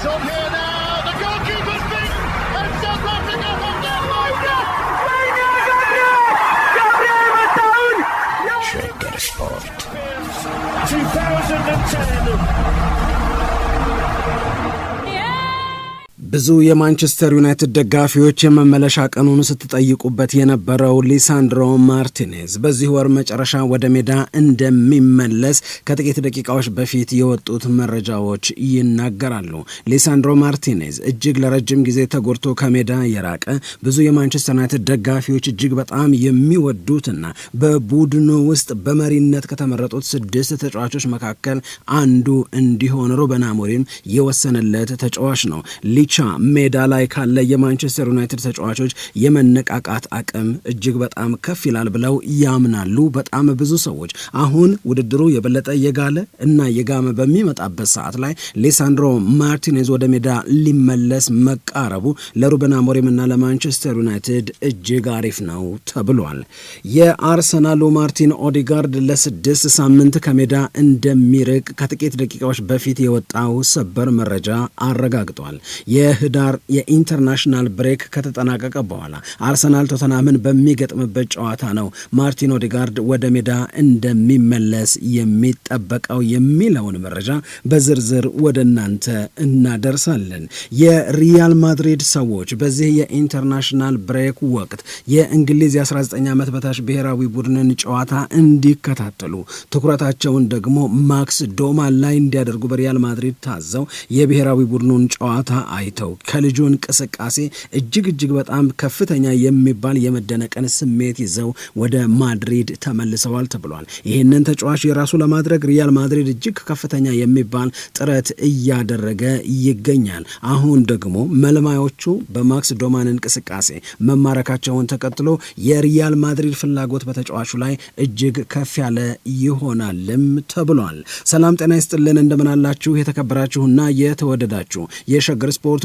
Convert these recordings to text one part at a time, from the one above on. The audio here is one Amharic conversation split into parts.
It's on here. ብዙ የማንቸስተር ዩናይትድ ደጋፊዎች የመመለሻ ቀኑን ስትጠይቁበት የነበረው ሊሳንድሮ ማርቲኔዝ በዚህ ወር መጨረሻ ወደ ሜዳ እንደሚመለስ ከጥቂት ደቂቃዎች በፊት የወጡት መረጃዎች ይናገራሉ። ሊሳንድሮ ማርቲኔዝ እጅግ ለረጅም ጊዜ ተጎድቶ ከሜዳ የራቀ ብዙ የማንቸስተር ዩናይትድ ደጋፊዎች እጅግ በጣም የሚወዱትና በቡድኑ ውስጥ በመሪነት ከተመረጡት ስድስት ተጫዋቾች መካከል አንዱ እንዲሆን ሩበን አሞሪም የወሰነለት ተጫዋች ነው። ሊች ሜዳ ላይ ካለ የማንቸስተር ዩናይትድ ተጫዋቾች የመነቃቃት አቅም እጅግ በጣም ከፍ ይላል ብለው ያምናሉ በጣም ብዙ ሰዎች። አሁን ውድድሩ የበለጠ የጋለ እና የጋመ በሚመጣበት ሰዓት ላይ ሌሳንድሮ ማርቲኔዝ ወደ ሜዳ ሊመለስ መቃረቡ ለሩበን አሞሪም እና ለማንቸስተር ዩናይትድ እጅግ አሪፍ ነው ተብሏል። የአርሰናሉ ማርቲን ኦዲጋርድ ለስድስት ሳምንት ከሜዳ እንደሚርቅ ከጥቂት ደቂቃዎች በፊት የወጣው ሰበር መረጃ አረጋግጧል። የህዳር የኢንተርናሽናል ብሬክ ከተጠናቀቀ በኋላ አርሰናል ቶተናምን በሚገጥምበት ጨዋታ ነው ማርቲን ኦዲጋርድ ወደ ሜዳ እንደሚመለስ የሚጠበቀው የሚለውን መረጃ በዝርዝር ወደ እናንተ እናደርሳለን። የሪያል ማድሪድ ሰዎች በዚህ የኢንተርናሽናል ብሬክ ወቅት የእንግሊዝ የ19 ዓመት በታች ብሔራዊ ቡድንን ጨዋታ እንዲከታተሉ ትኩረታቸውን ደግሞ ማክስ ዶማን ላይ እንዲያደርጉ በሪያል ማድሪድ ታዘው የብሔራዊ ቡድኑን ጨዋታ አይተው ወጥተው ከልጁ እንቅስቃሴ እጅግ እጅግ በጣም ከፍተኛ የሚባል የመደነቅን ስሜት ይዘው ወደ ማድሪድ ተመልሰዋል ተብሏል። ይህንን ተጫዋች የራሱ ለማድረግ ሪያል ማድሪድ እጅግ ከፍተኛ የሚባል ጥረት እያደረገ ይገኛል። አሁን ደግሞ መልማዮቹ በማክስ ዶማን እንቅስቃሴ መማረካቸውን ተከትሎ የሪያል ማድሪድ ፍላጎት በተጫዋቹ ላይ እጅግ ከፍ ያለ ይሆናልም ተብሏል። ሰላም ጤና ይስጥልን እንደምናላችሁ የተከበራችሁና የተወደዳችሁ የሸገር ስፖርት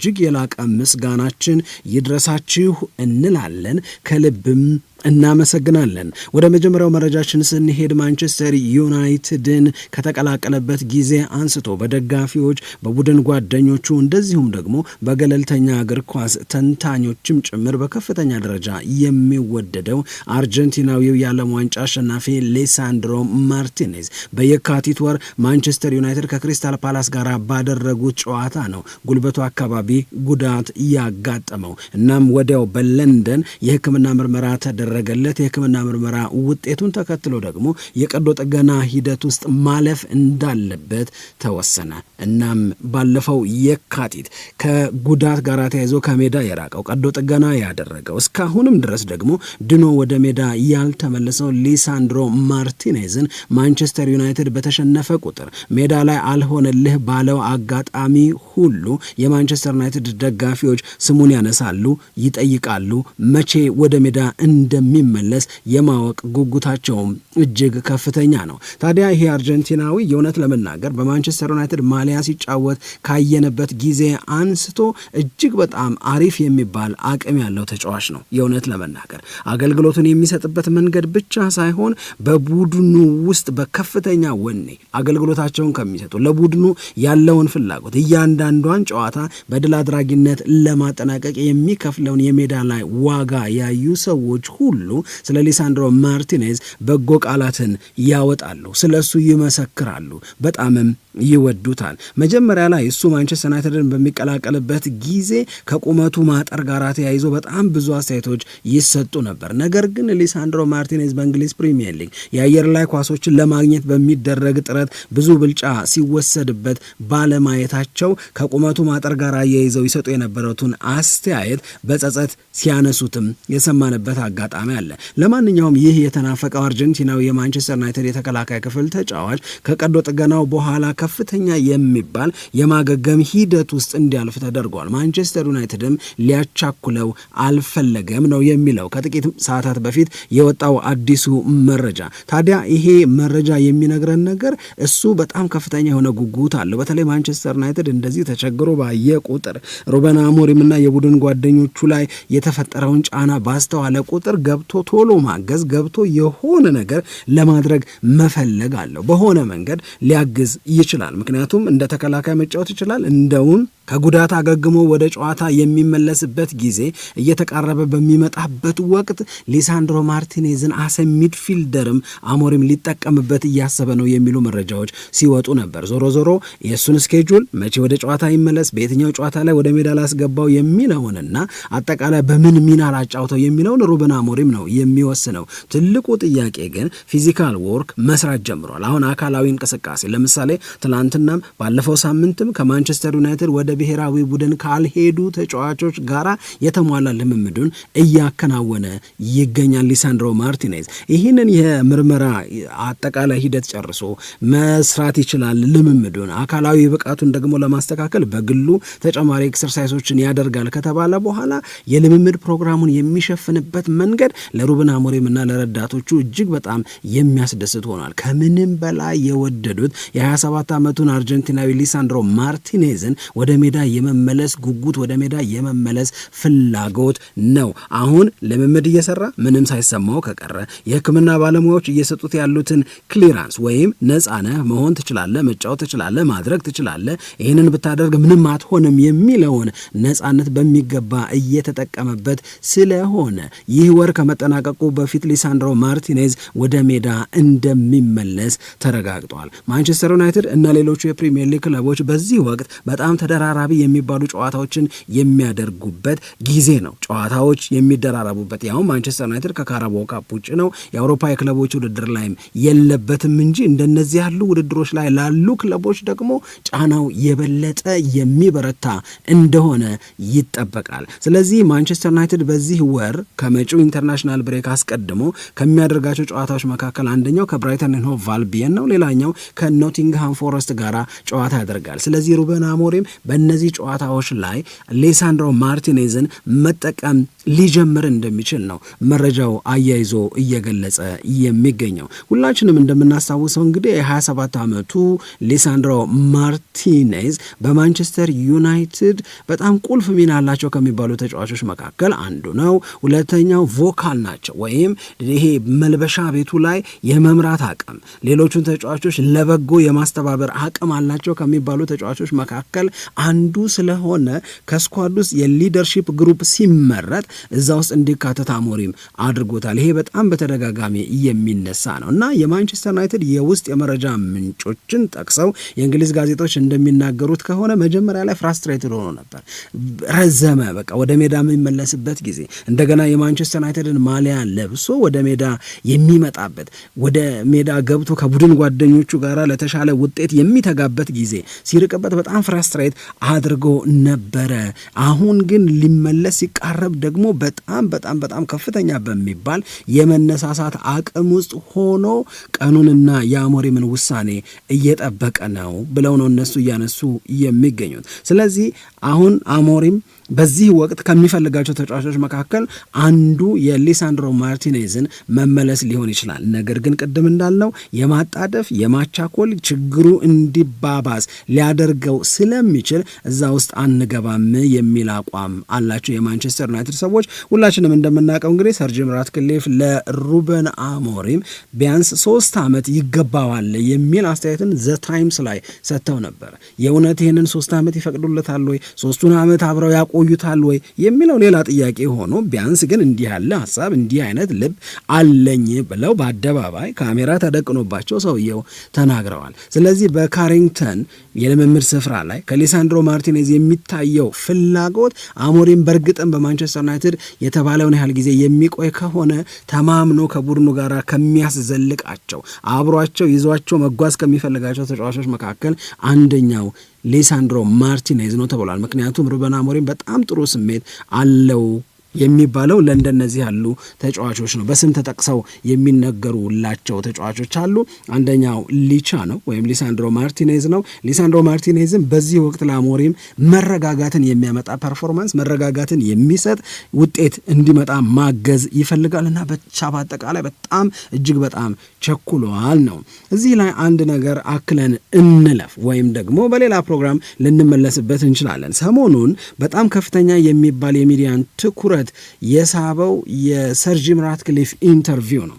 እጅግ የላቀ ምስጋናችን ይድረሳችሁ እንላለን። ከልብም እናመሰግናለን። ወደ መጀመሪያው መረጃችን ስንሄድ ማንቸስተር ዩናይትድን ከተቀላቀለበት ጊዜ አንስቶ በደጋፊዎች በቡድን ጓደኞቹ እንደዚሁም ደግሞ በገለልተኛ እግር ኳስ ተንታኞችም ጭምር በከፍተኛ ደረጃ የሚወደደው አርጀንቲናዊው የዓለም ዋንጫ አሸናፊ ሌሳንድሮ ማርቲኔዝ በየካቲት ወር ማንቸስተር ዩናይትድ ከክሪስታል ፓላስ ጋር ባደረጉት ጨዋታ ነው ጉልበቱ አካባቢ ጉዳት ያጋጠመው። እናም ወዲያው በለንደን የሕክምና ምርመራ ተደረ የተደረገለት የሕክምና ምርመራ ውጤቱን ተከትሎ ደግሞ የቀዶ ጥገና ሂደት ውስጥ ማለፍ እንዳለበት ተወሰነ። እናም ባለፈው የካቲት ከጉዳት ጋር ተያይዞ ከሜዳ የራቀው ቀዶ ጥገና ያደረገው እስካሁንም ድረስ ደግሞ ድኖ ወደ ሜዳ ያልተመለሰው ሊሳንድሮ ማርቲኔዝን ማንቸስተር ዩናይትድ በተሸነፈ ቁጥር ሜዳ ላይ አልሆነልህ ባለው አጋጣሚ ሁሉ የማንቸስተር ዩናይትድ ደጋፊዎች ስሙን ያነሳሉ፣ ይጠይቃሉ። መቼ ወደ ሜዳ እንደ እንደሚመለስ የማወቅ ጉጉታቸውም እጅግ ከፍተኛ ነው። ታዲያ ይሄ አርጀንቲናዊ የእውነት ለመናገር በማንቸስተር ዩናይትድ ማሊያ ሲጫወት ካየነበት ጊዜ አንስቶ እጅግ በጣም አሪፍ የሚባል አቅም ያለው ተጫዋች ነው። የእውነት ለመናገር አገልግሎቱን የሚሰጥበት መንገድ ብቻ ሳይሆን በቡድኑ ውስጥ በከፍተኛ ወኔ አገልግሎታቸውን ከሚሰጡ ለቡድኑ ያለውን ፍላጎት እያንዳንዷን ጨዋታ በድል አድራጊነት ለማጠናቀቅ የሚከፍለውን የሜዳ ላይ ዋጋ ያዩ ሰዎች ሁ ሁሉ ስለ ሊሳንድሮ ማርቲኔዝ በጎ ቃላትን ያወጣሉ፣ ስለ እሱ ይመሰክራሉ፣ በጣምም ይወዱታል። መጀመሪያ ላይ እሱ ማንቸስተር ዩናይትድን በሚቀላቀልበት ጊዜ ከቁመቱ ማጠር ጋር ተያይዞ በጣም ብዙ አስተያየቶች ይሰጡ ነበር። ነገር ግን ሊሳንድሮ ማርቲኔዝ በእንግሊዝ ፕሪሚየር ሊግ የአየር ላይ ኳሶችን ለማግኘት በሚደረግ ጥረት ብዙ ብልጫ ሲወሰድበት ባለማየታቸው ከቁመቱ ማጠር ጋር አያይዘው ይሰጡ የነበረቱን አስተያየት በጸጸት ሲያነሱትም የሰማንበት አጋጣሚ አጋጣሚ አለ። ለማንኛውም ይህ የተናፈቀው አርጀንቲናዊ የማንቸስተር ዩናይትድ የተከላካይ ክፍል ተጫዋች ከቀዶ ጥገናው በኋላ ከፍተኛ የሚባል የማገገም ሂደት ውስጥ እንዲያልፍ ተደርጓል። ማንቸስተር ዩናይትድም ሊያቻኩለው አልፈለገም ነው የሚለው ከጥቂት ሰዓታት በፊት የወጣው አዲሱ መረጃ። ታዲያ ይሄ መረጃ የሚነግረን ነገር እሱ በጣም ከፍተኛ የሆነ ጉጉት አለው። በተለይ ማንቸስተር ዩናይትድ እንደዚህ ተቸግሮ ባየ ቁጥር ሩበን አሞሪምና የቡድን ጓደኞቹ ላይ የተፈጠረውን ጫና ባስተዋለ ቁጥር ገብቶ ቶሎ ማገዝ ገብቶ የሆነ ነገር ለማድረግ መፈለግ አለው። በሆነ መንገድ ሊያግዝ ይችላል። ምክንያቱም እንደ ተከላካይ መጫወት ይችላል እንደውም። ከጉዳት አገግሞ ወደ ጨዋታ የሚመለስበት ጊዜ እየተቃረበ በሚመጣበት ወቅት ሊሳንድሮ ማርቲኔዝን አሰ ሚድፊልደርም አሞሪም ሊጠቀምበት እያሰበ ነው የሚሉ መረጃዎች ሲወጡ ነበር። ዞሮ ዞሮ የእሱን ስኬጁል መቼ ወደ ጨዋታ ይመለስ፣ በየትኛው ጨዋታ ላይ ወደ ሜዳ ላስገባው የሚለውንና አጠቃላይ በምን ሚና ላጫውተው የሚለውን ሩበን አሞሪም ነው የሚወስነው። ትልቁ ጥያቄ ግን ፊዚካል ወርክ መስራት ጀምሯል። አሁን አካላዊ እንቅስቃሴ ለምሳሌ ትናንትናም ባለፈው ሳምንትም ከማንቸስተር ዩናይትድ ወደ ብሔራዊ ቡድን ካልሄዱ ተጫዋቾች ጋራ የተሟላ ልምምዱን እያከናወነ ይገኛል። ሊሳንድሮ ማርቲኔዝ ይህንን የምርመራ አጠቃላይ ሂደት ጨርሶ መስራት ይችላል። ልምምዱን አካላዊ ብቃቱን ደግሞ ለማስተካከል በግሉ ተጨማሪ ኤክሰርሳይሶችን ያደርጋል ከተባለ በኋላ የልምምድ ፕሮግራሙን የሚሸፍንበት መንገድ ለሩብን አሞሪም እና ለረዳቶቹ እጅግ በጣም የሚያስደስት ሆኗል። ከምንም በላይ የወደዱት የ27 ዓመቱን አርጀንቲናዊ ሊሳንድሮ ማርቲኔዝን ወደ ሜዳ የመመለስ ጉጉት፣ ወደ ሜዳ የመመለስ ፍላጎት ነው። አሁን ልምምድ እየሰራ ምንም ሳይሰማው ከቀረ የህክምና ባለሙያዎች እየሰጡት ያሉትን ክሊራንስ ወይም ነጻነህ መሆን ትችላለህ፣ መጫወት ትችላለህ፣ ማድረግ ትችላለህ፣ ይህንን ብታደርግ ምንም አትሆንም የሚለውን ነጻነት በሚገባ እየተጠቀመበት ስለሆነ ይህ ወር ከመጠናቀቁ በፊት ሊሳንድሮ ማርቲኔዝ ወደ ሜዳ እንደሚመለስ ተረጋግጧል። ማንቸስተር ዩናይትድ እና ሌሎቹ የፕሪምየር ሊግ ክለቦች በዚህ ወቅት በጣም ተደራራ ተቀራራቢ የሚባሉ ጨዋታዎችን የሚያደርጉበት ጊዜ ነው። ጨዋታዎች የሚደራረቡበት ያው ማንቸስተር ዩናይትድ ከካራባኦ ካፕ ውጭ ነው። የአውሮፓ የክለቦች ውድድር ላይም የለበትም እንጂ እንደነዚህ ያሉ ውድድሮች ላይ ላሉ ክለቦች ደግሞ ጫናው የበለጠ የሚበረታ እንደሆነ ይጠበቃል። ስለዚህ ማንቸስተር ዩናይትድ በዚህ ወር ከመጪው ኢንተርናሽናል ብሬክ አስቀድሞ ከሚያደርጋቸው ጨዋታዎች መካከል አንደኛው ከብራይተን ኤንድ ቫልቢየን ነው። ሌላኛው ከኖቲንግሃም ፎረስት ጋራ ጨዋታ ያደርጋል። ስለዚህ ሩበን አሞሪም በእነዚህ ጨዋታዎች ላይ ሌሳንድሮ ማርቲኔዝን መጠቀም ሊጀምር እንደሚችል ነው መረጃው አያይዞ እየገለጸ የሚገኘው። ሁላችንም እንደምናስታውሰው እንግዲህ የ27 ዓመቱ ሌሳንድሮ ማርቲኔዝ በማንቸስተር ዩናይትድ በጣም ቁልፍ ሚና አላቸው ከሚባሉ ተጫዋቾች መካከል አንዱ ነው። ሁለተኛው ቮካል ናቸው ወይም ይሄ መልበሻ ቤቱ ላይ የመምራት አቅም፣ ሌሎቹን ተጫዋቾች ለበጎ የማስተባበር አቅም አላቸው ከሚባሉ ተጫዋቾች መካከል አንዱ ስለሆነ ከስኳድ ውስጥ የሊደርሺፕ ግሩፕ ሲመረጥ እዛ ውስጥ እንዲካተት አሞሪም አድርጎታል። ይሄ በጣም በተደጋጋሚ የሚነሳ ነው እና የማንቸስተር ዩናይትድ የውስጥ የመረጃ ምንጮችን ጠቅሰው የእንግሊዝ ጋዜጦች እንደሚናገሩት ከሆነ መጀመሪያ ላይ ፍራስትሬትድ ሆኖ ነበር። ረዘመ በቃ ወደ ሜዳ የሚመለስበት ጊዜ እንደገና የማንቸስተር ዩናይትድን ማሊያ ለብሶ ወደ ሜዳ የሚመጣበት ወደ ሜዳ ገብቶ ከቡድን ጓደኞቹ ጋር ለተሻለ ውጤት የሚተጋበት ጊዜ ሲርቅበት በጣም ፍራስትሬት አድርጎ ነበረ። አሁን ግን ሊመለስ ሲቃረብ ደግሞ በጣም በጣም በጣም ከፍተኛ በሚባል የመነሳሳት አቅም ውስጥ ሆኖ ቀኑንና የአሞሪምን ውሳኔ እየጠበቀ ነው ብለው ነው እነሱ እያነሱ የሚገኙት። ስለዚህ አሁን አሞሪም በዚህ ወቅት ከሚፈልጋቸው ተጫዋቾች መካከል አንዱ የሊሳንድሮ ማርቲኔዝን መመለስ ሊሆን ይችላል። ነገር ግን ቅድም እንዳልነው የማጣደፍ የማቻኮል ችግሩ እንዲባባስ ሊያደርገው ስለሚችል እዛ ውስጥ አንገባም የሚል አቋም አላቸው የማንቸስተር ዩናይትድ ሰዎች። ሁላችንም እንደምናውቀው እንግዲህ ሰር ጂም ራትክሊፍ ለሩበን አሞሪም ቢያንስ ሶስት ዓመት ይገባዋል የሚል አስተያየትን ዘ ታይምስ ላይ ሰጥተው ነበር። የእውነት ይህንን ሶስት ዓመት ይፈቅዱለታል ወይ? ሶስቱን ዓመት አብረው ያቆዩታል ወይ የሚለው ሌላ ጥያቄ ሆኖ ቢያንስ ግን እንዲህ ያለ ሀሳብ እንዲህ አይነት ልብ አለኝ ብለው በአደባባይ ካሜራ ተደቅኖባቸው ሰውየው ተናግረዋል። ስለዚህ በካሪንግተን የልምምድ ስፍራ ላይ ከሊሳንድሮ ማርቲኔዝ የሚታየው ፍላጎት አሞሪም በእርግጥም በማንቸስተር ዩናይትድ የተባለውን ያህል ጊዜ የሚቆይ ከሆነ ተማምኖ ከቡድኑ ጋር ከሚያስዘልቃቸው አብሯቸው ይዟቸው መጓዝ ከሚፈልጋቸው ተጫዋቾች መካከል አንደኛው ሌሳንድሮ ማርቲኔዝ ነው ተብሏል። ምክንያቱም ሩበን አሞሪም በጣም ጥሩ ስሜት አለው የሚባለው ለእንደነዚህ ያሉ ተጫዋቾች ነው። በስም ተጠቅሰው የሚነገሩላቸው ተጫዋቾች አሉ። አንደኛው ሊቻ ነው ወይም ሊሳንድሮ ማርቲኔዝ ነው። ሊሳንድሮ ማርቲኔዝም በዚህ ወቅት ለአሞሪም መረጋጋትን የሚያመጣ ፐርፎርማንስ፣ መረጋጋትን የሚሰጥ ውጤት እንዲመጣ ማገዝ ይፈልጋል እና ብቻ በአጠቃላይ በጣም እጅግ በጣም ቸኩለዋል ነው። እዚህ ላይ አንድ ነገር አክለን እንለፍ፣ ወይም ደግሞ በሌላ ፕሮግራም ልንመለስበት እንችላለን። ሰሞኑን በጣም ከፍተኛ የሚባል የሚዲያን ትኩረት የሳበው የሰር ጂም ራትክሊፍ ኢንተርቪው ነው።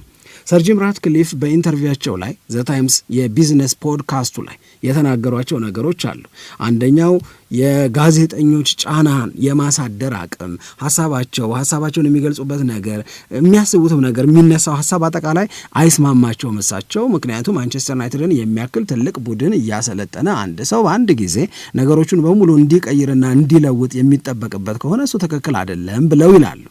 ሰር ጂም ራትክሊፍ በኢንተርቪዋቸው ላይ ዘ ታይምስ የቢዝነስ ፖድካስቱ ላይ የተናገሯቸው ነገሮች አሉ። አንደኛው የጋዜጠኞች ጫናን የማሳደር አቅም፣ ሀሳባቸው ሀሳባቸውን የሚገልጹበት ነገር፣ የሚያስቡትም ነገር፣ የሚነሳው ሀሳብ አጠቃላይ አይስማማቸውም እሳቸው። ምክንያቱም ማንቸስተር ዩናይትድን የሚያክል ትልቅ ቡድን እያሰለጠነ አንድ ሰው በአንድ ጊዜ ነገሮቹን በሙሉ እንዲቀይርና እንዲለውጥ የሚጠበቅበት ከሆነ እሱ ትክክል አይደለም ብለው ይላሉ።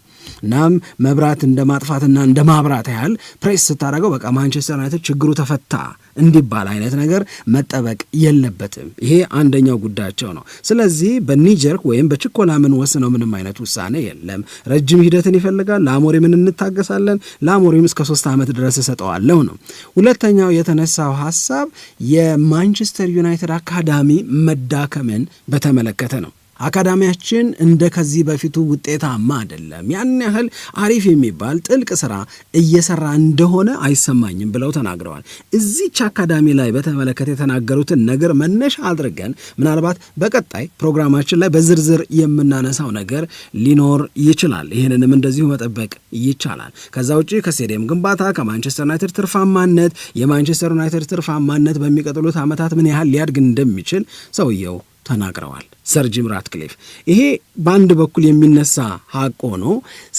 እናም መብራት እንደ ማጥፋትና እንደ ማብራት ያህል ፕሬስ ስታደረገው በቃ ማንቸስተር ዩናይትድ ችግሩ ተፈታ እንዲባል አይነት ነገር መጠበቅ የለበትም። ይሄ አንደኛው ጉዳያቸው ነው። ስለዚህ በኒጀር ወይም በችኮላ ምን ወስነው ምንም አይነት ውሳኔ የለም። ረጅም ሂደትን ይፈልጋል። ለአሞሪምን እንታገሳለን። ለአሞሪም እስከ ሶስት ዓመት ድረስ እሰጠዋለሁ ነው። ሁለተኛው የተነሳው ሀሳብ የማንቸስተር ዩናይትድ አካዳሚ መዳከምን በተመለከተ ነው። አካዳሚያችን እንደ ከዚህ በፊቱ ውጤታማ አይደለም፣ ያን ያህል አሪፍ የሚባል ጥልቅ ስራ እየሰራ እንደሆነ አይሰማኝም ብለው ተናግረዋል። እዚች አካዳሚ ላይ በተመለከተ የተናገሩትን ነገር መነሻ አድርገን ምናልባት በቀጣይ ፕሮግራማችን ላይ በዝርዝር የምናነሳው ነገር ሊኖር ይችላል። ይህንንም እንደዚሁ መጠበቅ ይቻላል። ከዛ ውጭ ከስቴዲየም ግንባታ፣ ከማንቸስተር ዩናይትድ ትርፋማነት፣ የማንቸስተር ዩናይትድ ትርፋማነት በሚቀጥሉት ዓመታት ምን ያህል ሊያድግ እንደሚችል ሰውየው ተናግረዋል። ሰር ጂም ራትክሊፍ። ይሄ በአንድ በኩል የሚነሳ ሀቅ ሆኖ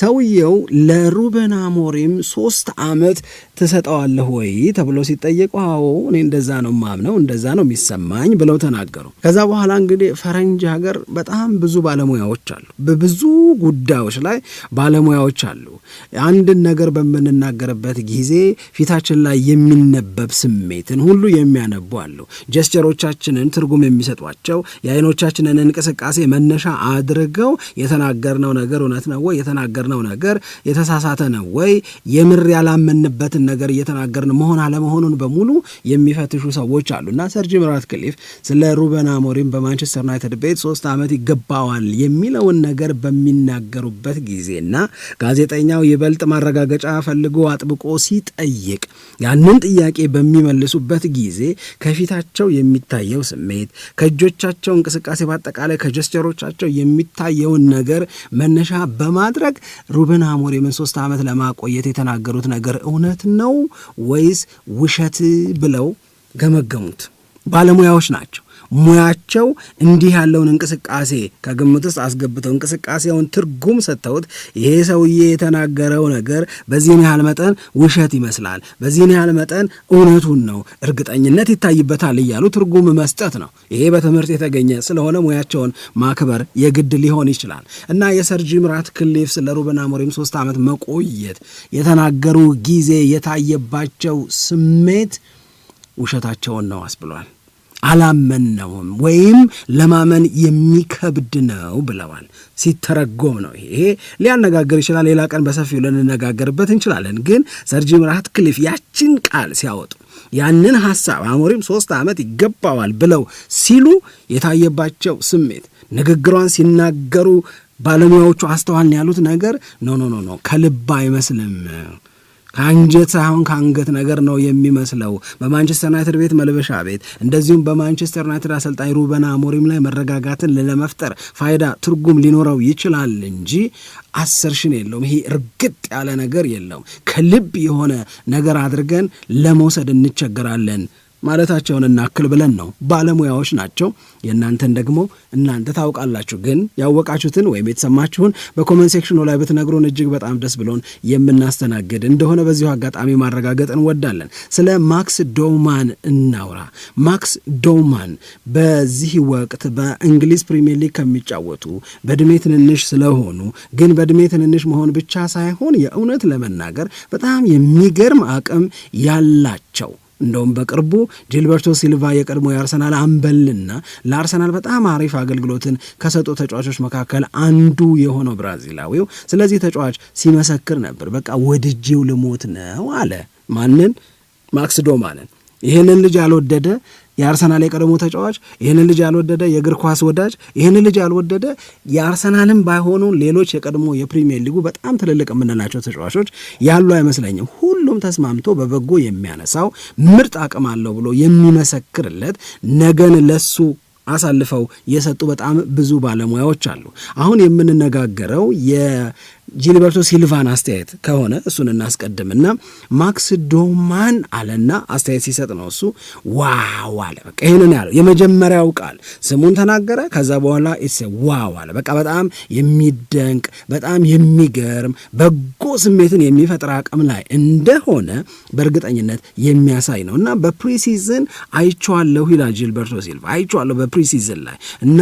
ሰውየው ለሩበን አሞሪም ሶስት አመት ትሰጠዋለህ ወይ ተብሎ ሲጠየቁ አዎ እኔ እንደዛ ነው ማምነው እንደዛ ነው የሚሰማኝ ብለው ተናገሩ። ከዛ በኋላ እንግዲህ ፈረንጅ ሀገር በጣም ብዙ ባለሙያዎች አሉ፣ በብዙ ጉዳዮች ላይ ባለሙያዎች አሉ። አንድን ነገር በምንናገርበት ጊዜ ፊታችን ላይ የሚነበብ ስሜትን ሁሉ የሚያነቡ አሉ። ጀስቸሮቻችንን ትርጉም የሚሰጧቸው የአይኖቻችንን እንቅስቃሴ መነሻ አድርገው የተናገርነው ነገር እውነት ነው ወይ? የተናገርነው ነገር የተሳሳተ ነው ወይ? የምር ያላመንበትን ነገር እየተናገርን መሆን አለመሆኑን በሙሉ የሚፈትሹ ሰዎች አሉና እና ሰር ጂም ራትክሊፍ ስለ ሩበን አሞሪም በማንቸስተር ዩናይትድ ቤት ሶስት ዓመት ይገባዋል የሚለውን ነገር በሚናገሩበት ጊዜና ጋዜጠኛው ይበልጥ ማረጋገጫ ፈልጎ አጥብቆ ሲጠይቅ ያንን ጥያቄ በሚመልሱበት ጊዜ ከፊታቸው የሚታየው ስሜት ከእጆቻቸው እንቅስቃሴ አጠቃላይ ከጀስቸሮቻቸው የሚታየውን ነገር መነሻ በማድረግ ሩበን አሞሪምን ሶስት ዓመት ለማቆየት የተናገሩት ነገር እውነት ነው ወይስ ውሸት ብለው ገመገሙት ባለሙያዎች ናቸው። ሙያቸው እንዲህ ያለውን እንቅስቃሴ ከግምት ውስጥ አስገብተው እንቅስቃሴውን ትርጉም ሰጥተውት ይሄ ሰውዬ የተናገረው ነገር በዚህን ያህል መጠን ውሸት ይመስላል፣ በዚህን ያህል መጠን እውነቱን ነው፣ እርግጠኝነት ይታይበታል እያሉ ትርጉም መስጠት ነው። ይሄ በትምህርት የተገኘ ስለሆነ ሙያቸውን ማክበር የግድ ሊሆን ይችላል እና የሰር ጂም ራትክሊፍ ስለ ሩበን አሞሪም ሶስት ዓመት መቆየት የተናገሩ ጊዜ የታየባቸው ስሜት ውሸታቸውን ነው አስብሏል። አላመነውም ወይም ለማመን የሚከብድ ነው ብለዋል። ሲተረጎም ነው ይሄ ሊያነጋግር ይችላል። ሌላ ቀን በሰፊው ልንነጋገርበት እንችላለን። ግን ሰር ጂም ራትክሊፍ ያችን ቃል ሲያወጡ ያንን ሀሳብ አሞሪም ሶስት ዓመት ይገባዋል ብለው ሲሉ የታየባቸው ስሜት ንግግሯን ሲናገሩ ባለሙያዎቹ አስተዋልን ያሉት ነገር ኖ ኖ ኖ ኖ ከልብ አይመስልም ከአንጀት ሳይሆን ከአንገት ነገር ነው የሚመስለው። በማንቸስተር ዩናይትድ ቤት መልበሻ ቤት እንደዚሁም በማንቸስተር ዩናይትድ አሰልጣኝ ሩበን አሞሪም ላይ መረጋጋትን ለመፍጠር ፋይዳ ትርጉም ሊኖረው ይችላል እንጂ አሰርሽን የለውም። ይሄ እርግጥ ያለ ነገር የለውም። ከልብ የሆነ ነገር አድርገን ለመውሰድ እንቸገራለን ማለታቸውን እናክል ብለን ነው። ባለሙያዎች ናቸው። የእናንተን ደግሞ እናንተ ታውቃላችሁ። ግን ያወቃችሁትን ወይም የተሰማችሁን በኮመንት ሴክሽኑ ላይ ብትነግሩን እጅግ በጣም ደስ ብሎን የምናስተናግድ እንደሆነ በዚሁ አጋጣሚ ማረጋገጥ እንወዳለን። ስለ ማክስ ዶውማን እናውራ። ማክስ ዶውማን በዚህ ወቅት በእንግሊዝ ፕሪሚየር ሊግ ከሚጫወቱ በእድሜ ትንንሽ ስለሆኑ ግን በእድሜ ትንንሽ መሆን ብቻ ሳይሆን የእውነት ለመናገር በጣም የሚገርም አቅም ያላቸው እንደውም በቅርቡ ጂልበርቶ ሲልቫ የቀድሞ የአርሰናል አምበልና ለአርሰናል በጣም አሪፍ አገልግሎትን ከሰጡ ተጫዋቾች መካከል አንዱ የሆነው ብራዚላዊው ስለዚህ ተጫዋች ሲመሰክር ነበር። በቃ ወድጄው ልሞት ነው አለ። ማንን? ማክስ ዶማንን። ይህንን ልጅ ያልወደደ የአርሰናል የቀድሞ ተጫዋች ይህንን ልጅ ያልወደደ የእግር ኳስ ወዳጅ ይህንን ልጅ ያልወደደ የአርሰናልም ባይሆኑ ሌሎች የቀድሞ የፕሪሚየር ሊጉ በጣም ትልልቅ የምንላቸው ተጫዋቾች ያሉ አይመስለኝም። ሁሉም ተስማምቶ በበጎ የሚያነሳው ምርጥ አቅም አለው ብሎ የሚመሰክርለት ነገን ለሱ አሳልፈው የሰጡ በጣም ብዙ ባለሙያዎች አሉ። አሁን የምንነጋገረው የጂልበርቶ ሲልቫን አስተያየት ከሆነ እሱን እናስቀድምና ማክስ ዶማን አለና አስተያየት ሲሰጥ ነው እሱ ዋው አለ። በቃ ይህንን ያለው የመጀመሪያው ቃል ስሙን ተናገረ። ከዛ በኋላ ኢትስ ዋው አለ። በቃ በጣም የሚደንቅ በጣም የሚገርም በጎ ስሜትን የሚፈጥር አቅም ላይ እንደሆነ በእርግጠኝነት የሚያሳይ ነው እና በፕሪሲዝን አይቼዋለሁ ይላል ጂልበርቶ ሲልቫ አይቼዋለሁ በፕሪ ፕሪሲዝን ላይ እና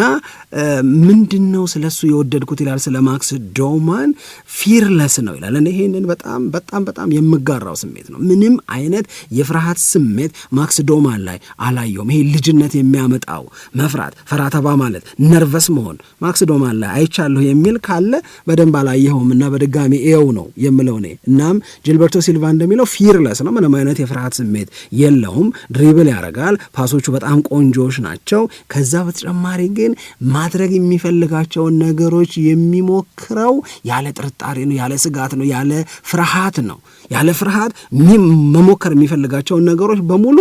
ምንድን ነው ስለ እሱ የወደድኩት ይላል ስለ ማክስ ዶማን ፊርለስ ነው ይላል። እኔ ይህንን በጣም በጣም በጣም የምጋራው ስሜት ነው። ምንም አይነት የፍርሃት ስሜት ማክስ ዶማን ላይ አላየውም። ይሄ ልጅነት የሚያመጣው መፍራት፣ ፈራተባ ማለት፣ ነርቨስ መሆን ማክስ ዶማን ላይ አይቻለሁ የሚል ካለ በደንብ አላየኸውም እና በድጋሚ ኤው ነው የምለው እኔ። እናም ጅልበርቶ ሲልቫ እንደሚለው ፊርለስ ነው። ምንም አይነት የፍርሃት ስሜት የለውም። ድሪብል ያረጋል። ፓሶቹ በጣም ቆንጆዎች ናቸው። ከዛ በተጨማሪ ግን ማድረግ የሚፈልጋቸውን ነገሮች የሚሞክረው ያለ ጥርጣሬ ነው፣ ያለ ስጋት ነው፣ ያለ ፍርሃት ነው። ያለ ፍርሃት መሞከር የሚፈልጋቸውን ነገሮች በሙሉ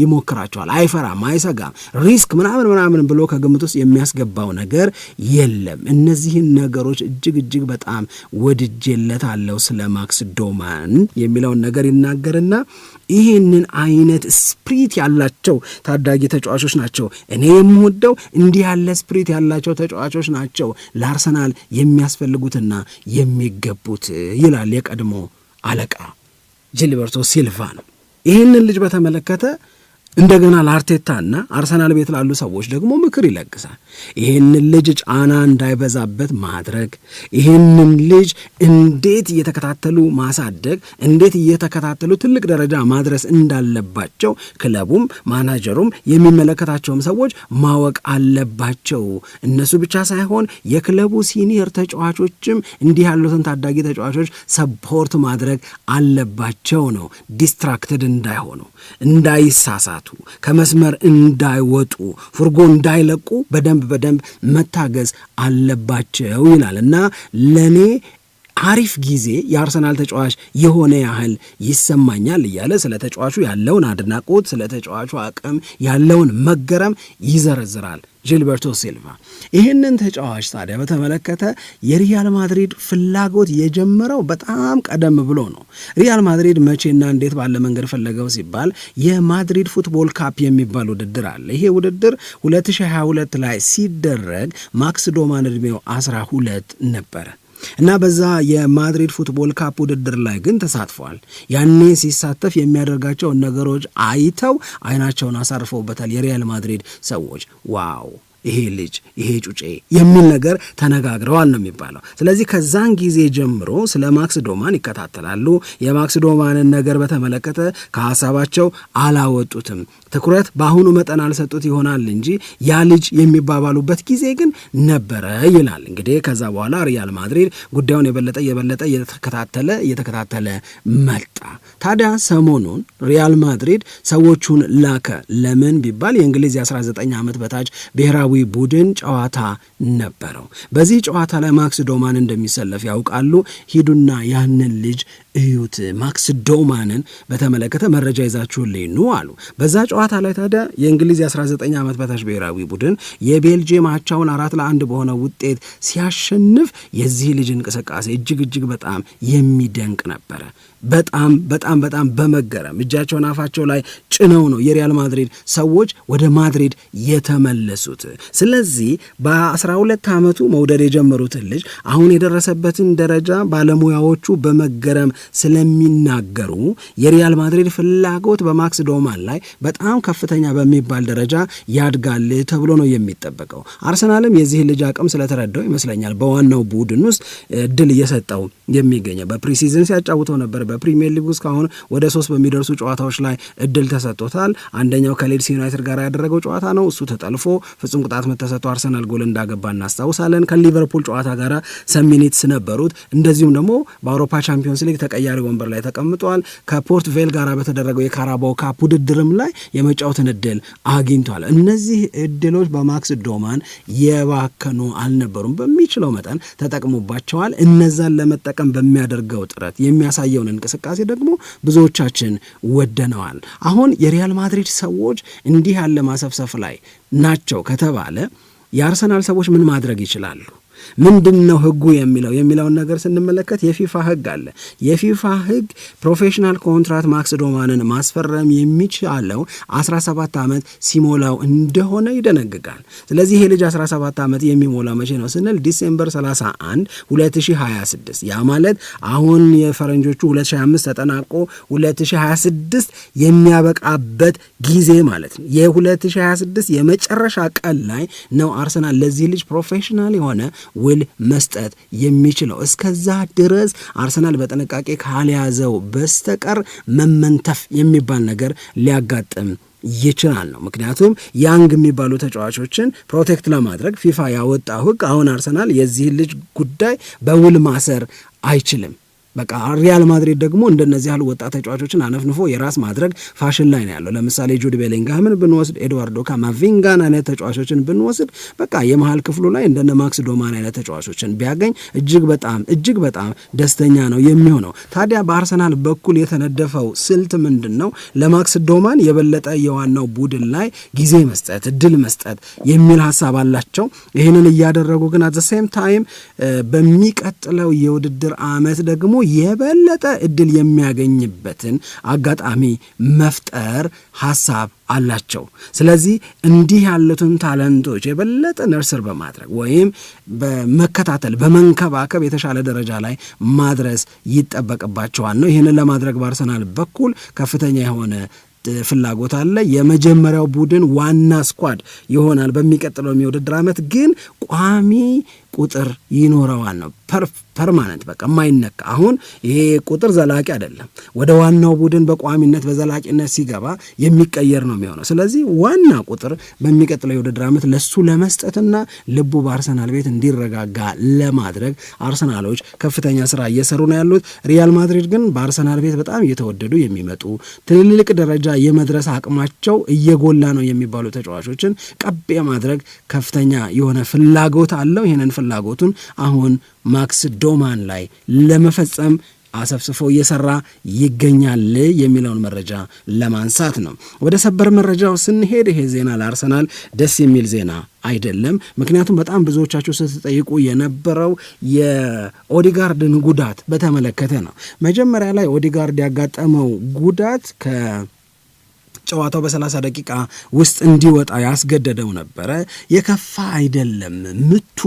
ይሞክራቸዋል። አይፈራም፣ አይሰጋም። ሪስክ ምናምን ምናምን ብሎ ከግምት ውስጥ የሚያስገባው ነገር የለም። እነዚህን ነገሮች እጅግ እጅግ በጣም ወድጄለታለሁ ስለ ማክስ ዶማን የሚለውን ነገር ይናገርና ይህንን አይነት ስፕሪት ያላቸው ታዳጊ ተጫዋቾች ናቸው እኔ የምወደው። እንዲህ ያለ ስፕሪት ያላቸው ተጫዋቾች ናቸው ለአርሰናል የሚያስፈልጉትና የሚገቡት ይላል የቀድሞ አለቃ ጂልበርቶ ሲልቫ ነው። ይህንን ልጅ በተመለከተ እንደገና እና አርሰናል ቤት ላሉ ሰዎች ደግሞ ምክር ይለግሳል። ይህንን ልጅ ጫና እንዳይበዛበት ማድረግ፣ ይህንን ልጅ እንዴት እየተከታተሉ ማሳደግ፣ እንዴት እየተከታተሉ ትልቅ ደረጃ ማድረስ እንዳለባቸው ክለቡም ማናጀሩም የሚመለከታቸውም ሰዎች ማወቅ አለባቸው። እነሱ ብቻ ሳይሆን የክለቡ ሲኒየር ተጫዋቾችም እንዲህ ያሉትን ታዳጊ ተጫዋቾች ሰፖርት ማድረግ አለባቸው ነው ዲስትራክትድ እንዳይሆኑ እንዳይሳሳቱ እንዳይመቱ፣ ከመስመር እንዳይወጡ፣ ፉርጎ እንዳይለቁ በደንብ በደንብ መታገዝ አለባቸው ይላል እና ለእኔ አሪፍ ጊዜ የአርሰናል ተጫዋች የሆነ ያህል ይሰማኛል እያለ ስለ ተጫዋቹ ያለውን አድናቆት ስለ ተጫዋቹ አቅም ያለውን መገረም ይዘረዝራል። ጂልበርቶ ሲልቫ። ይህንን ተጫዋች ታዲያ በተመለከተ የሪያል ማድሪድ ፍላጎት የጀመረው በጣም ቀደም ብሎ ነው። ሪያል ማድሪድ መቼና እንዴት ባለ መንገድ ፈለገው ሲባል የማድሪድ ፉትቦል ካፕ የሚባል ውድድር አለ። ይሄ ውድድር 2022 ላይ ሲደረግ ማክስ ዶማን ዕድሜው 12 ነበረ። እና በዛ የማድሪድ ፉትቦል ካፕ ውድድር ላይ ግን ተሳትፏል። ያኔ ሲሳተፍ የሚያደርጋቸውን ነገሮች አይተው አይናቸውን አሳርፈውበታል የሪያል ማድሪድ ሰዎች ዋው ይሄ ልጅ ይሄ ጩጬ የሚል ነገር ተነጋግረዋል ነው የሚባለው። ስለዚህ ከዛን ጊዜ ጀምሮ ስለ ማክስ ዶማን ይከታተላሉ። የማክስ ዶማንን ነገር በተመለከተ ከሀሳባቸው አላወጡትም። ትኩረት በአሁኑ መጠን አልሰጡት ይሆናል እንጂ ያ ልጅ የሚባባሉበት ጊዜ ግን ነበረ ይላል። እንግዲህ ከዛ በኋላ ሪያል ማድሪድ ጉዳዩን የበለጠ የበለጠ እየተከታተለ እየተከታተለ መጣ። ታዲያ ሰሞኑን ሪያል ማድሪድ ሰዎቹን ላከ። ለምን ቢባል የእንግሊዝ የ19 ዓመት በታች ብሔራ ብሔራዊ ቡድን ጨዋታ ነበረው። በዚህ ጨዋታ ላይ ማክስ ዶማን እንደሚሰለፍ ያውቃሉ። ሂዱና ያንን ልጅ እዩት ማክስ ዶማንን በተመለከተ መረጃ ይዛችሁልኝ ኑ አሉ። በዛ ጨዋታ ላይ ታዲያ የእንግሊዝ የ19 ዓመት በታች ብሔራዊ ቡድን የቤልጅየም አቻውን አራት ለአንድ በሆነ ውጤት ሲያሸንፍ የዚህ ልጅ እንቅስቃሴ እጅግ እጅግ በጣም የሚደንቅ ነበረ። በጣም በጣም በጣም በመገረም እጃቸውን አፋቸው ላይ ጭነው ነው የሪያል ማድሪድ ሰዎች ወደ ማድሪድ የተመለሱት። ስለዚህ በ12 ዓመቱ መውደድ የጀመሩትን ልጅ አሁን የደረሰበትን ደረጃ ባለሙያዎቹ በመገረም ስለሚናገሩ የሪያል ማድሪድ ፍላጎት በማክስ ዶማን ላይ በጣም ከፍተኛ በሚባል ደረጃ ያድጋል ተብሎ ነው የሚጠበቀው። አርሰናልም የዚህ ልጅ አቅም ስለተረዳው ይመስለኛል በዋናው ቡድን ውስጥ እድል እየሰጠው የሚገኘው። በፕሪሲዝን ሲያጫውተው ነበር። በፕሪሚየር ሊግ ውስጥ ካሁን ወደ ሶስት በሚደርሱ ጨዋታዎች ላይ እድል ተሰጥቶታል። አንደኛው ከሌድስ ዩናይትድ ጋር ያደረገው ጨዋታ ነው። እሱ ተጠልፎ ፍጹም ቅጣት ምት ተሰጥቶ አርሰናል ጎል እንዳገባ እናስታውሳለን። ከሊቨርፑል ጨዋታ ጋር ሰሚኒትስ ነበሩት። እንደዚሁም ደግሞ በአውሮፓ ቻምፒዮንስ ሊግ ተቀያሪ ወንበር ላይ ተቀምጧል። ከፖርት ቬል ጋር በተደረገው የካራባው ካፕ ውድድርም ላይ የመጫወትን እድል አግኝቷል። እነዚህ እድሎች በማክስ ዶማን የባከኑ አልነበሩም። በሚችለው መጠን ተጠቅሞባቸዋል። እነዛን ለመጠቀም በሚያደርገው ጥረት የሚያሳየውን እንቅስቃሴ ደግሞ ብዙዎቻችን ወደነዋል። አሁን የሪያል ማድሪድ ሰዎች እንዲህ ያለ ማሰብሰፍ ላይ ናቸው ከተባለ የአርሰናል ሰዎች ምን ማድረግ ይችላሉ? ምንድን ነው ህጉ የሚለው የሚለውን ነገር ስንመለከት የፊፋ ህግ አለ። የፊፋ ህግ ፕሮፌሽናል ኮንትራት ማክስ ዶማንን ማስፈረም የሚቻለው 17 ዓመት ሲሞላው እንደሆነ ይደነግጋል። ስለዚህ ይሄ ልጅ 17 ዓመት የሚሞላ መቼ ነው ስንል ዲሴምበር 31 2026 ያ ማለት አሁን የፈረንጆቹ 2025 ተጠናቆ 2026 የሚያበቃበት ጊዜ ማለት ነው። የ2026 የመጨረሻ ቀን ላይ ነው አርሰናል ለዚህ ልጅ ፕሮፌሽናል የሆነ ውል መስጠት የሚችለው። እስከዛ ድረስ አርሰናል በጥንቃቄ ካልያዘው በስተቀር መመንተፍ የሚባል ነገር ሊያጋጥም ይችላል ነው። ምክንያቱም ያንግ የሚባሉ ተጫዋቾችን ፕሮቴክት ለማድረግ ፊፋ ያወጣ ሕግ አሁን አርሰናል የዚህ ልጅ ጉዳይ በውል ማሰር አይችልም። በቃ ሪያል ማድሪድ ደግሞ እንደነዚህ ያሉ ወጣት ተጫዋቾችን አነፍንፎ የራስ ማድረግ ፋሽን ላይ ነው ያለው። ለምሳሌ ጁድ ቤሊንግሃምን ብንወስድ፣ ኤድዋርዶ ካማቪንጋን አይነት ተጫዋቾችን ብንወስድ በቃ የመሀል ክፍሉ ላይ እንደነ ማክስ ዶማን አይነት ተጫዋቾችን ቢያገኝ እጅግ በጣም እጅግ በጣም ደስተኛ ነው የሚሆነው። ታዲያ በአርሰናል በኩል የተነደፈው ስልት ምንድን ነው? ለማክስ ዶማን የበለጠ የዋናው ቡድን ላይ ጊዜ መስጠት፣ እድል መስጠት የሚል ሀሳብ አላቸው። ይህንን እያደረጉ ግን አት ዘ ሴም ታይም በሚቀጥለው የውድድር አመት ደግሞ የበለጠ እድል የሚያገኝበትን አጋጣሚ መፍጠር ሀሳብ አላቸው። ስለዚህ እንዲህ ያሉትን ታለንቶች የበለጠ ነርስር በማድረግ ወይም በመከታተል በመንከባከብ የተሻለ ደረጃ ላይ ማድረስ ይጠበቅባቸዋል ነው። ይህንን ለማድረግ በአርሰናል በኩል ከፍተኛ የሆነ ፍላጎት አለ። የመጀመሪያው ቡድን ዋና ስኳድ ይሆናል በሚቀጥለው የሚወዳደር ዓመት ግን ቋሚ ቁጥር ይኖረዋል ነው። ፐርማነንት በቃ የማይነካ አሁን ይሄ ቁጥር ዘላቂ አይደለም። ወደ ዋናው ቡድን በቋሚነት በዘላቂነት ሲገባ የሚቀየር ነው የሚሆነው። ስለዚህ ዋና ቁጥር በሚቀጥለው የውድድር ዓመት ለሱ ለመስጠትና ልቡ በአርሰናል ቤት እንዲረጋጋ ለማድረግ አርሰናሎች ከፍተኛ ስራ እየሰሩ ነው ያሉት። ሪያል ማድሪድ ግን በአርሰናል ቤት በጣም እየተወደዱ የሚመጡ ትልልቅ ደረጃ የመድረስ አቅማቸው እየጎላ ነው የሚባሉ ተጫዋቾችን ቀብ የማድረግ ከፍተኛ የሆነ ፍላጎት አለው ይህንን ፍላጎቱን አሁን ማክስ ዶማን ላይ ለመፈጸም አሰፍስፎ እየሰራ ይገኛል የሚለውን መረጃ ለማንሳት ነው። ወደ ሰበር መረጃው ስንሄድ ይሄ ዜና ለአርሰናል ደስ የሚል ዜና አይደለም። ምክንያቱም በጣም ብዙዎቻችሁ ስትጠይቁ የነበረው የኦዲጋርድን ጉዳት በተመለከተ ነው። መጀመሪያ ላይ ኦዲጋርድ ያጋጠመው ጉዳት ከ ጨዋታው በሰላሳ ደቂቃ ውስጥ እንዲወጣ ያስገደደው ነበረ። የከፋ አይደለም ምቱ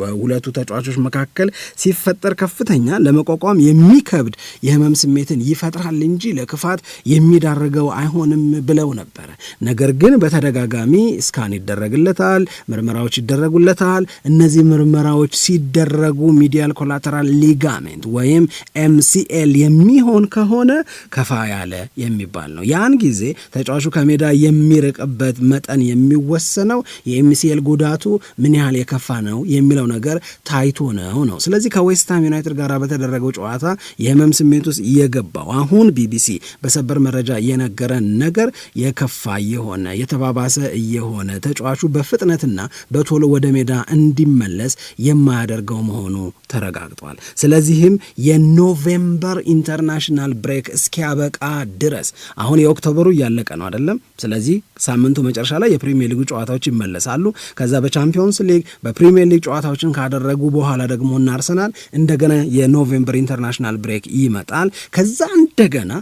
በሁለቱ ተጫዋቾች መካከል ሲፈጠር ከፍተኛ ለመቋቋም የሚከብድ የህመም ስሜትን ይፈጥራል እንጂ ለክፋት የሚዳርገው አይሆንም ብለው ነበረ። ነገር ግን በተደጋጋሚ ስካን ይደረግለታል፣ ምርመራዎች ይደረጉለታል። እነዚህ ምርመራዎች ሲደረጉ ሚዲያል ኮላተራል ሊጋሜንት ወይም ኤምሲኤል የሚሆን ከሆነ ከፋ ያለ የሚባል ነው። ያን ጊዜ ተጫዋቹ ከሜዳ የሚርቅበት መጠን የሚወሰነው የኤምሲኤል ጉዳቱ ምን ያህል የከፋ ነው የሚለው የሚለው ነገር ታይቶ ነው ነው። ስለዚህ ከዌስትሃም ዩናይትድ ጋር በተደረገው ጨዋታ የህመም ስሜት ውስጥ እየገባው አሁን ቢቢሲ በሰበር መረጃ የነገረን ነገር የከፋ እየሆነ የተባባሰ እየሆነ ተጫዋቹ በፍጥነትና በቶሎ ወደ ሜዳ እንዲመለስ የማያደርገው መሆኑ ተረጋግጧል። ስለዚህም የኖቬምበር ኢንተርናሽናል ብሬክ እስኪያበቃ ድረስ አሁን የኦክቶበሩ እያለቀ ነው አይደለም። ስለዚህ ሳምንቱ መጨረሻ ላይ የፕሪሚየር ሊጉ ጨዋታዎች ይመለሳሉ። ከዛ በቻምፒዮንስ ሊግ በፕሪሚየር ሊግ ጨዋታ ጨዋታዎችን ካደረጉ በኋላ ደግሞ እና አርሰናል እንደገና የኖቬምበር ኢንተርናሽናል ብሬክ ይመጣል። ከዛ እንደገና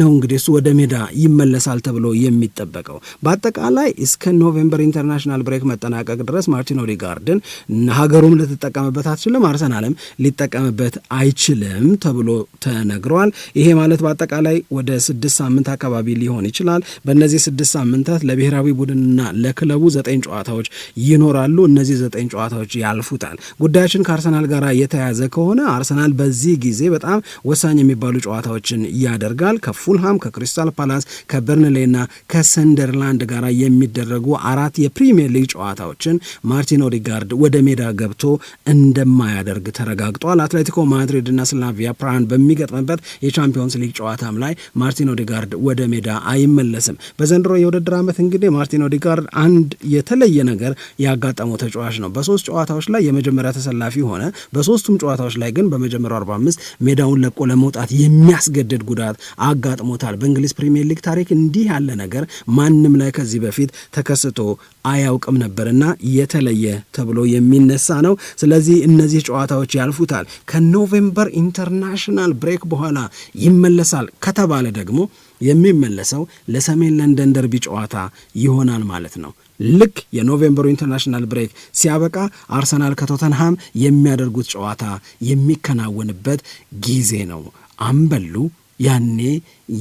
ነው እንግዲህ እሱ ወደ ሜዳ ይመለሳል ተብሎ የሚጠበቀው። በአጠቃላይ እስከ ኖቬምበር ኢንተርናሽናል ብሬክ መጠናቀቅ ድረስ ማርቲን ኦዴጋርድን ሀገሩም ልትጠቀምበት አትችልም፣ አርሰናልም ሊጠቀምበት አይችልም ተብሎ ተነግሯል። ይሄ ማለት በአጠቃላይ ወደ ስድስት ሳምንት አካባቢ ሊሆን ይችላል። በእነዚህ ስድስት ሳምንታት ለብሔራዊ ቡድንና ለክለቡ ዘጠኝ ጨዋታዎች ይኖራሉ። እነዚህ ዘጠኝ ጨዋታዎች ያልፉ ያደርጉታል። ጉዳያችን ከአርሰናል ጋር የተያያዘ ከሆነ አርሰናል በዚህ ጊዜ በጣም ወሳኝ የሚባሉ ጨዋታዎችን ያደርጋል። ከፉልሃም፣ ከክሪስታል ፓላስ፣ ከበርንሌና ከሰንደርላንድ ጋር የሚደረጉ አራት የፕሪሚየር ሊግ ጨዋታዎችን ማርቲን ኦዲጋርድ ወደ ሜዳ ገብቶ እንደማያደርግ ተረጋግጧል። አትሌቲኮ ማድሪድና ስላቪያ ፕራን በሚገጥምበት የቻምፒዮንስ ሊግ ጨዋታም ላይ ማርቲን ኦዲጋርድ ወደ ሜዳ አይመለስም። በዘንድሮ የውድድር ዓመት እንግዲህ ማርቲን ኦዲጋርድ አንድ የተለየ ነገር ያጋጠመው ተጫዋች ነው። በሶስት ጨዋታዎች ላይ የመጀመሪያ ተሰላፊ ሆነ። በሶስቱም ጨዋታዎች ላይ ግን በመጀመሪያው 45 ሜዳውን ለቆ ለመውጣት የሚያስገድድ ጉዳት አጋጥሞታል። በእንግሊዝ ፕሪምየር ሊግ ታሪክ እንዲህ ያለ ነገር ማንም ላይ ከዚህ በፊት ተከስቶ አያውቅም ነበርና የተለየ ተብሎ የሚነሳ ነው። ስለዚህ እነዚህ ጨዋታዎች ያልፉታል። ከኖቬምበር ኢንተርናሽናል ብሬክ በኋላ ይመለሳል ከተባለ ደግሞ የሚመለሰው ለሰሜን ለንደን ደርቢ ጨዋታ ይሆናል ማለት ነው። ልክ የኖቬምበሩ ኢንተርናሽናል ብሬክ ሲያበቃ አርሰናል ከቶተንሃም የሚያደርጉት ጨዋታ የሚከናወንበት ጊዜ ነው። አምበሉ ያኔ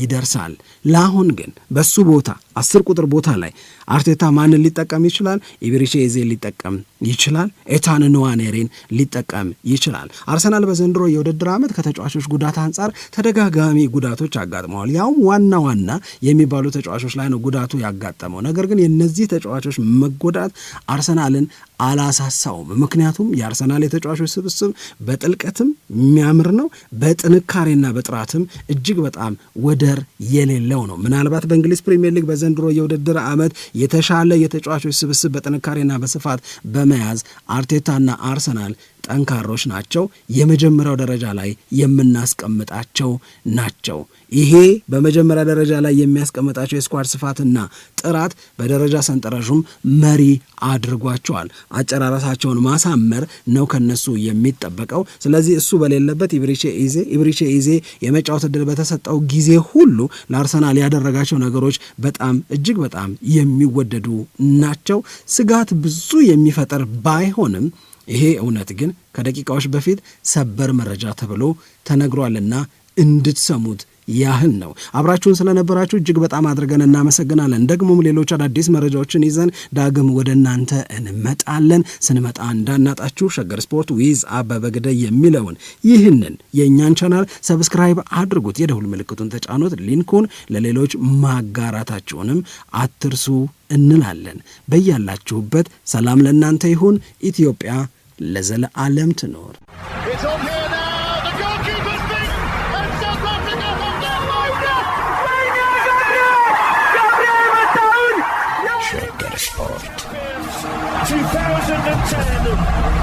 ይደርሳል። ለአሁን ግን በሱ ቦታ አስር ቁጥር ቦታ ላይ አርቴታ ማንን ሊጠቀም ይችላል? ኢብሪሼ ኤዜን ሊጠቀም ይችላል። ኤታን ንዋኔሬን ሊጠቀም ይችላል። አርሰናል በዘንድሮ የውድድር ዓመት ከተጫዋቾች ጉዳት አንጻር ተደጋጋሚ ጉዳቶች አጋጥመዋል። ያውም ዋና ዋና የሚባሉ ተጫዋቾች ላይ ነው ጉዳቱ ያጋጠመው። ነገር ግን የእነዚህ ተጫዋቾች መጎዳት አርሰናልን አላሳሳውም። ምክንያቱም የአርሰናል የተጫዋቾች ስብስብ በጥልቀትም የሚያምር ነው፣ በጥንካሬና በጥራትም እጅግ በጣም ወደ ወደር የሌለው ነው። ምናልባት በእንግሊዝ ፕሪምየር ሊግ በዘንድሮ የውድድር ዓመት የተሻለ የተጫዋቾች ስብስብ በጥንካሬና በስፋት በመያዝ አርቴታና አርሰናል ጠንካሮች ናቸው። የመጀመሪያው ደረጃ ላይ የምናስቀምጣቸው ናቸው። ይሄ በመጀመሪያ ደረጃ ላይ የሚያስቀምጣቸው የስኳድ ስፋትና ጥራት በደረጃ ሰንጠረዡም መሪ አድርጓቸዋል። አጨራረሳቸውን ማሳመር ነው ከነሱ የሚጠበቀው። ስለዚህ እሱ በሌለበት ኢብሪቼ ኢዜ ኢብሪቼ ኢዜ የመጫወት ዕድል በተሰጠው ጊዜ ሁሉ ለአርሰናል ያደረጋቸው ነገሮች በጣም እጅግ በጣም የሚወደዱ ናቸው። ስጋት ብዙ የሚፈጠር ባይሆንም ይሄ እውነት ግን ከደቂቃዎች በፊት ሰበር መረጃ ተብሎ ተነግሯልና እንድትሰሙት ያህል ነው። አብራችሁን ስለነበራችሁ እጅግ በጣም አድርገን እናመሰግናለን። ደግሞም ሌሎች አዳዲስ መረጃዎችን ይዘን ዳግም ወደ እናንተ እንመጣለን። ስንመጣ እንዳናጣችሁ ሸገር ስፖርት ዊዝ አበበ ግደይ የሚለውን ይህንን የእኛን ቻናል ሰብስክራይብ አድርጉት፣ የደውል ምልክቱን ተጫኑት፣ ሊንኩን ለሌሎች ማጋራታችሁንም አትርሱ እንላለን። በያላችሁበት ሰላም ለእናንተ ይሁን። ኢትዮጵያ ለዘለዓለም ትኖር። ሸገር ስፖርት